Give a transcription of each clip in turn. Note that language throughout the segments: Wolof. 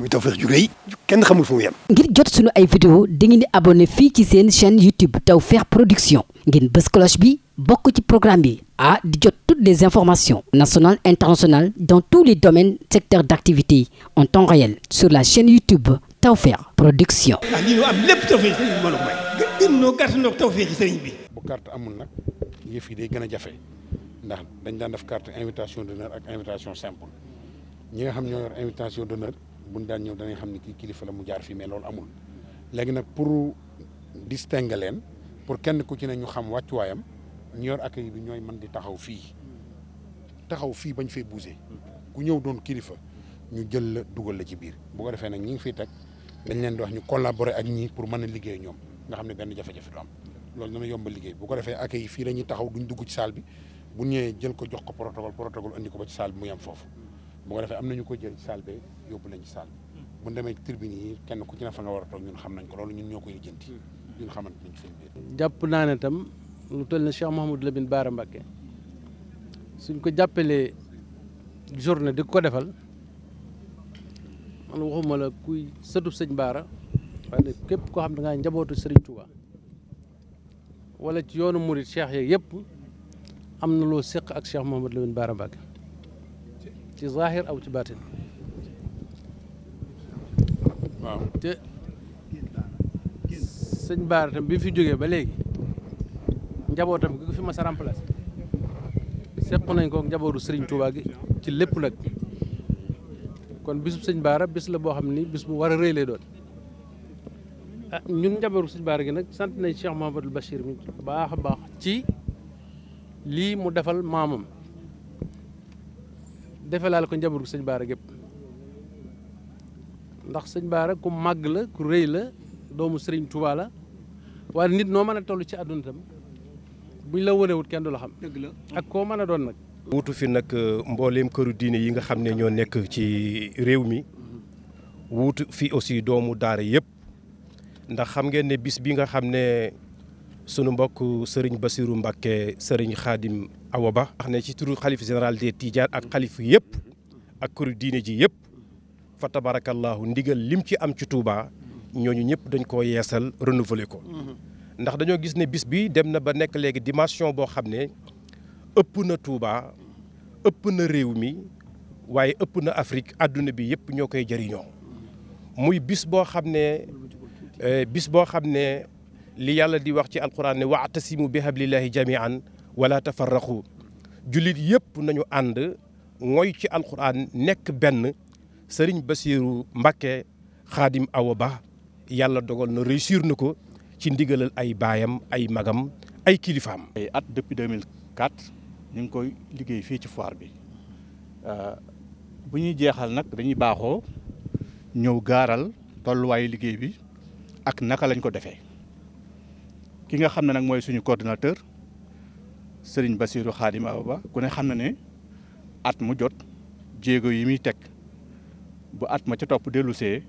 muy kenn xamul fu mu ngir jot sunu ay vidéo dangeen di abonné fii ci seen chaîne YouTube Tawfekh Production ngeen bës cloche bi bokk ci programme bi ah di jot toutes des informations nationales internationales dans tous les domaines secteurs d'activité en temps réel sur la chaîne YouTube Tawfekh Production. ah lii ñu am lépp Tawfekh sëriñ bi mbooloo mooy. gën bi. bu carte amul nag yëf yi day gën a jafe ndax dañ daan def carte invitation d'honneur ak invitation simple ñi nga xam ñoo yor invitation d'honneur buñ daan ñëw danañ xam ne kii kilifa la mu jaar fii mais loolu amul léegi nag pour distinguer leen pour kenn ku ci ne ñu xam wàccuwaayam ñu yor accueil bi ñooy man di taxaw fii taxaw fii bañ fee bougé ku ñëw doon kilifa ñu jël la dugal la ci biir bu ko defee nag ñi ngi fiy teg dañ leen di wax ñu collaborer ak ñi pour mën a liggéey ñoom nga xam ne benn jafe-jafe du am loolu dana yombal liggéey bu ko defee accueil fii la taxaw duñ dugg ci salle bi bu ñëwee jël ko jox ko protocole protocole andi ko ba ci salle mu yem foofu bu ko defee am nañu ko jël ci salle bi yóbbu lañ ci salle bi bu ñu demee yi kenn ku ci na fa nga war a toog ñun xam nañ ko loolu ñun ñoo koy lijjanti ñun xamante nañ ci suñu biir jàpp naa ne tam lu toll ne Cheikh Mouhamadou Lamine Bara Mbacké suñ ko jàppalee journée di ko defal man waxuma la kuy sëtub sëñ Baara waaye képp koo xam da ngaa njabootu Serigne Touba wala ci yoonu Mouride Cheikh yëpp am na loo séq ak Cheikh Mouhamadou Lamine Bara Mbacké ci zahir aw ci baatin waaw te sëñ Baara bi fi jógee ba léegi njabootam gi fi mas a remplacé nañ ko njabootu Serigne Touba gi ci lépp nag kon bisub sëñ Baara bis la boo xam ni bis mu war a rëy doon ah ñun njabootu sëñ Baara gi nag sant nañ Cheikh Mouhamadoul Bachir mi baax a baax ci lii mu defal maamam. defelaal ko njaboot sëñ Baara gépp ndax sëñ Baara ku màgg la ku rëy la doomu sëriñ Touba la waaye nit noo mën a toll ci àdduna tam buñ la wonewut kenn du la xam. dëgg la ak koo mën a doon nag. wutu fi nag euh, mbooleem këru diine yi nga xam ne ñoo nekk ci réew mi wuutu fi aussi doomu daara yëpp ndax xam ngeen ne bis bi nga xam ne. sunu mbokk Serigne Bassirou Mbacké Serigne Khadim Awa Ba wax ne ci turu xalif général des Tidjane ak xalif yëpp ak kuréel diine ji yëpp fa tabarakallahu ndigal lim ci am ci Touba ñooñu ñëpp dañ koo yeesal renouveler ko. ndax dañoo gis ne bis bi dem na ba nekk léegi dimension boo xam ne ëpp na Touba ëpp na réew mi waaye ëpp na Afrique àdduna bi yëpp ñoo koy jëriñoo muy bis boo xam ne eh, bis boo xam ne. li yàlla di wax ci alquran ne waatasimu bi hablillahi jamian wala tafarraqu jullit yëpp nañu ànd mooy ci alquran nekk benn sëriñ Basiiru Mbakke xaadim Awa Ba yàlla dogal na réussir na ko ci ndigalal ay baayam ay magam ay kilifaam. at depuis 2004 ñu ngi koy liggéey fii ci foire bi euh, bu ñuy jeexal nag dañuy baaxoo ñëw gaaral tolluwaayu liggéey bi ak naka lañ ko defee. ki nga xam ne nag mooy suñu coordinateur sëriñ Bassirou Khadim Awa Ba ku ne xam na ne at mu jot jéego yi muy teg bu at ma ca topp dellusee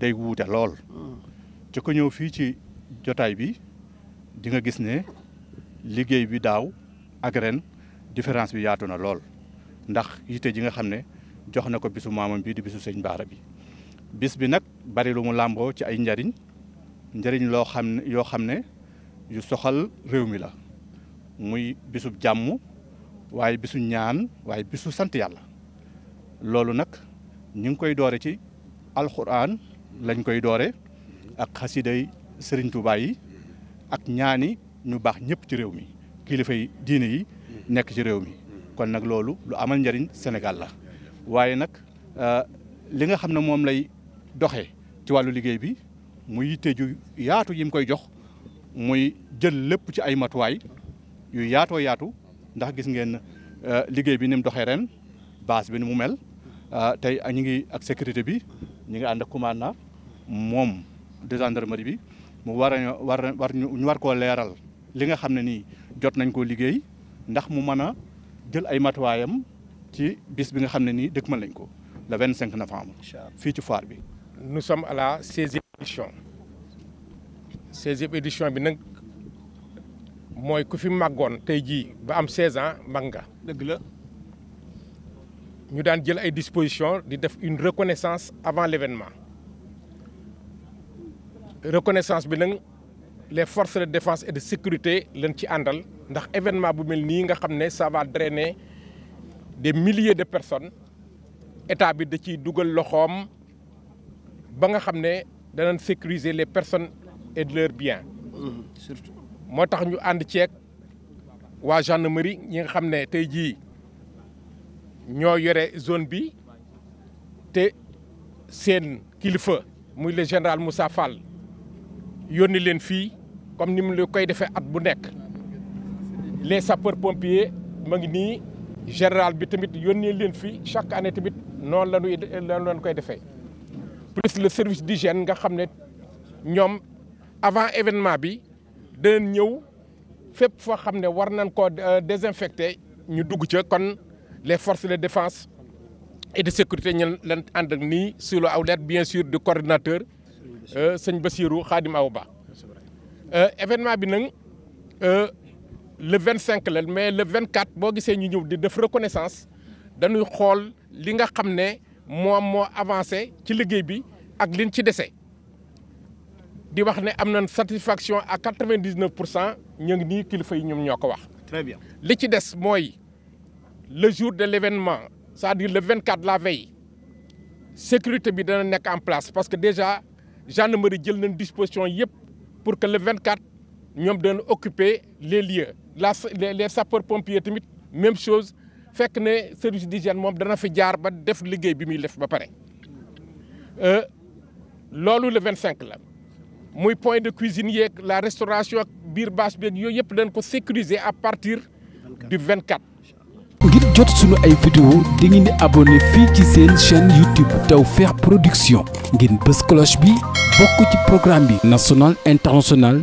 day wuute lool ci ko ñëw fii ci jotaay bi di nga gis ne liggéey bi daaw ak ren différence bi yaatu na lool ndax yite ji nga xam ne jox na ko bisu maamam bi di bisu sëñ baara bi bis bi nag bari lu mu làmboo ci ay njariñ njariñ loo xam yoo xam ne yu soxal réew mi la muy bisu jàmm waaye bisu ñaan waaye bisu sant yàlla loolu nag ñu ngi koy doore ci alxuraan lañ koy doore ak xasiday sëriñ Tuubaa yi ak ñaani ñu baax ñëpp ci réew mi kilifa yi diine yi nekk ci réew mi kon nag loolu lu amal njariñ Sénégal la waaye nag euh, li nga xam ne moom lay doxe ci wàllu liggéey bi mu yitte ju yaatu yi mu koy jox muy jël lépp ci ay matuwaay yu yaatoo yaatu ndax gis ngeen euh, liggéey bi ni mu doxee ren base bi ni mu mel euh, tey ñu ngi ak sécurité bi ñu ngi ànd ak commandant moom de gendarmerie bi mu war a war war ñu war koo leeral li nga xam ne nii jot nañ koo liggéey ndax mu mën a jël ay matuwaayam ci bis bi nga xam ne nii dëkk mën lañ ko le na novembre. fii ci foire bi. nous sommes à la 16 16e édition bi nag mooy ku fi màggoon tey jii ba am 16 ans mag nga. ñu daan jël ay dispositions di def une reconnaissance avant l'événement reconnaissance bi nag les force de défense et de sécurité lañ ci àndal ndax événement bu mel nii nga xam ne ça va drainer des milliers de personnes état bi da ciy dugal loxoom ba nga xam ne danan sécuriser les personnes. et de leur mhm. moo tax ñu ànd ceeg waa gendarmerie ñi nga xam ne tey jii ñoo yore zone bi te seen kilifa muy le général Moussa Fall yónni leen fii comme ni mu la koy defee at bu nekk les sapeurs pompiers ma ngi nii général bi tamit yónnee leen fii chaque année tamit noonu la ñuy noonu la ñu koy defee plus le service d'hygiène nga xam ne ñoom. avant événement bi danañ ñëw fépp foo xam ne war nañ koo euh, désinfecté ñu dugg ca kon les force de défense et de sécurité ñu leen ànd ak nii sur le aw bien sûr du coordinateur euh, sëñ Bassirou Khadim Awa Ba euh, événement bi nag le cinq la mais le quatre boo gisee ñu ñëw di def reconnaissance dañuy xool li nga xam ne moom moo avancé ci liggéey bi ak liñ ci dese. di wax ne am nañ satisfaction à quatre-vingt-dix-neuf pour cent ñu ngi nii kilifa yi ñoom ñoo ko wax. très bien li ci des mooy le jour de l' événement c'est-à-dire le vingt quatre la veille sécurité bi dana nekk en place parce que déjà gendarmerie jël nañ disposition yëpp pour que le vingt quatre ñoom dana occuper les lieux la les, les sapeurs pompiers tamit même chose fekk ne service d'hygiène moom dana fi jaar ba def liggéey bi muy def ba pare euh, loolu le vingt cinq la. muy point de cuisine yeeg la restauration ak biir bâche beeg yooyu yëpp dañ ko sécuriser à partir du 24. ngir jot sunu ay vidéo di ngeen di abonné fii ci seen chaîne YouTube Tawfekh Production ngeen bës cloche bi bokk ci programme bi national international.